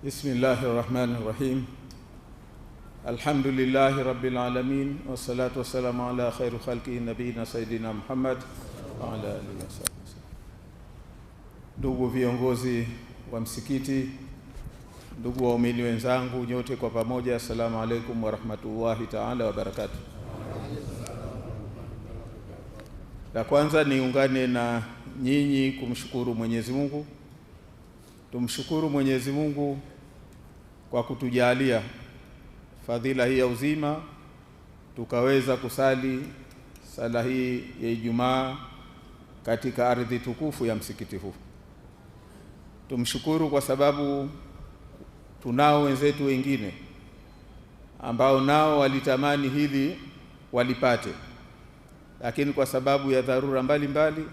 بسم الله الرحمن الرحيم الحمد لله رب العالمين والصلاة والسلام على خير خلقه نبينا سيدنا Muhammad وعلى آله وصحبه Ndugu viongozi wa msikiti, ndugu waumini wenzangu, nyote kwa pamoja, assalamu alaikum warahmatullahi taala wabarakatu. La kwanza niungane na nyinyi kumshukuru Mwenyezi Mungu Tumshukuru Mwenyezi Mungu kwa kutujalia fadhila hii ya uzima tukaweza kusali sala hii ya Ijumaa katika ardhi tukufu ya msikiti huu. Tumshukuru kwa sababu tunao wenzetu wengine ambao nao walitamani hili walipate, lakini kwa sababu ya dharura mbalimbali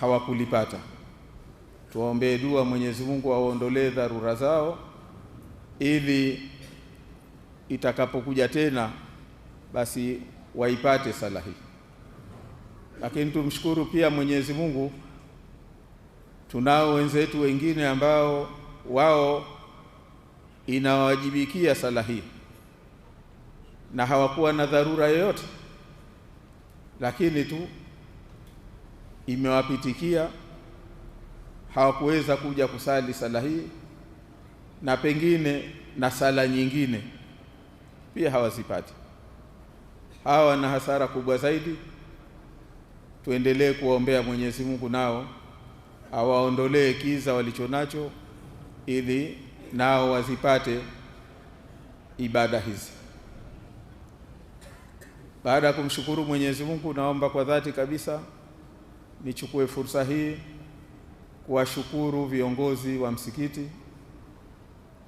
hawakulipata tuwaombee dua Mwenyezi Mungu awaondolee dharura zao, ili itakapokuja tena basi waipate sala hii. Lakini tumshukuru pia Mwenyezi Mungu, tunao wenzetu wengine ambao wao inawajibikia sala hii na hawakuwa na dharura yoyote, lakini tu imewapitikia hawakuweza kuja kusali sala hii, na pengine na sala nyingine pia hawazipati. Hawa na hasara kubwa zaidi. Tuendelee kuwaombea Mwenyezi Mungu nao awaondolee kiza walichonacho, ili nao wazipate ibada hizi. Baada ya kumshukuru Mwenyezi Mungu, naomba kwa dhati kabisa nichukue fursa hii kuwashukuru viongozi wa msikiti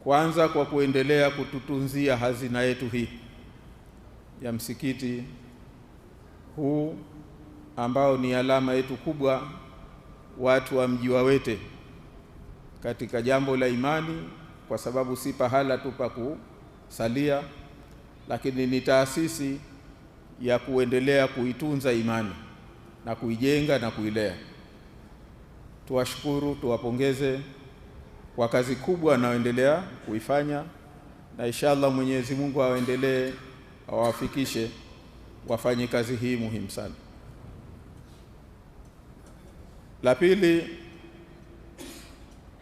kwanza kwa kuendelea kututunzia hazina yetu hii ya msikiti huu ambao ni alama yetu kubwa watu wa mji wa Wete katika jambo la imani, kwa sababu si pahala tu pa kusalia, lakini ni taasisi ya kuendelea kuitunza imani na kuijenga na kuilea tuwashukuru, tuwapongeze kwa kazi kubwa wanayoendelea kuifanya, na inshallah Mwenyezi Mungu awaendelee awafikishe wafanye kazi hii muhimu sana. La pili,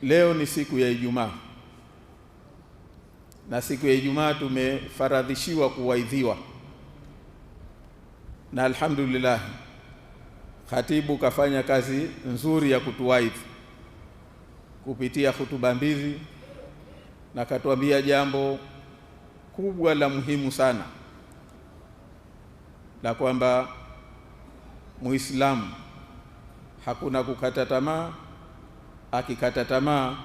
leo ni siku ya Ijumaa, na siku ya Ijumaa tumefaradhishiwa kuwaidhiwa, na alhamdulillah Khatibu kafanya kazi nzuri ya kutuwaidhi kupitia hutuba mbili, na katuambia jambo kubwa la muhimu sana la kwamba Muislamu hakuna kukata tamaa. Akikata tamaa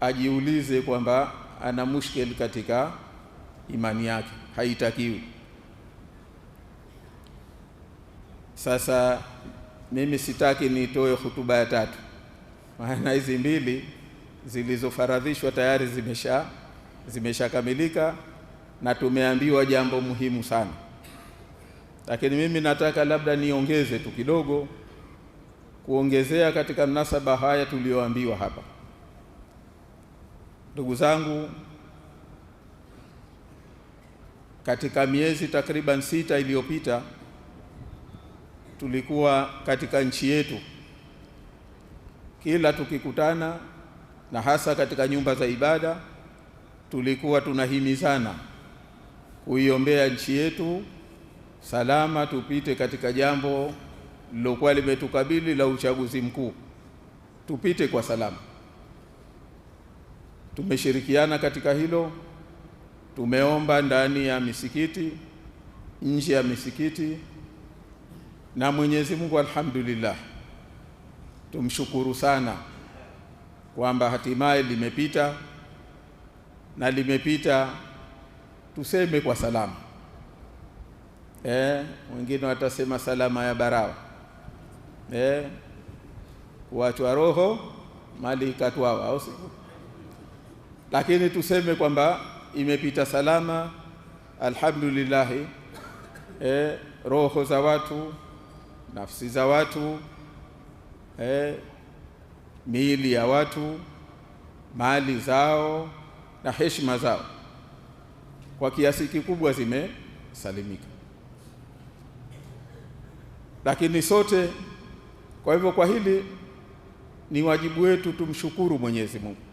ajiulize kwamba ana mushkeli katika imani yake, haitakiwi. Sasa mimi sitaki nitoe hutuba ya tatu, maana hizi mbili zilizofaradhishwa tayari zimesha zimeshakamilika na tumeambiwa jambo muhimu sana, lakini mimi nataka labda niongeze tu kidogo, kuongezea katika mnasaba haya tuliyoambiwa hapa. Ndugu zangu, katika miezi takriban sita iliyopita tulikuwa katika nchi yetu kila tukikutana na hasa katika nyumba za ibada tulikuwa tunahimizana kuiombea nchi yetu salama tupite katika jambo lilokuwa limetukabili la uchaguzi mkuu tupite kwa salama tumeshirikiana katika hilo tumeomba ndani ya misikiti nje ya misikiti na Mwenyezi Mungu alhamdulillah, tumshukuru sana kwamba hatimaye limepita na limepita tuseme kwa salama. Eh, wengine watasema salama ya barawa. Eh, kuachwa roho mali ikatwawa, au si? Lakini tuseme kwamba imepita salama alhamdulillah. Eh, roho za watu nafsi za watu eh, miili ya watu, mali zao na heshima zao kwa kiasi kikubwa zimesalimika, lakini sote. Kwa hivyo, kwa hili ni wajibu wetu tumshukuru Mwenyezi Mungu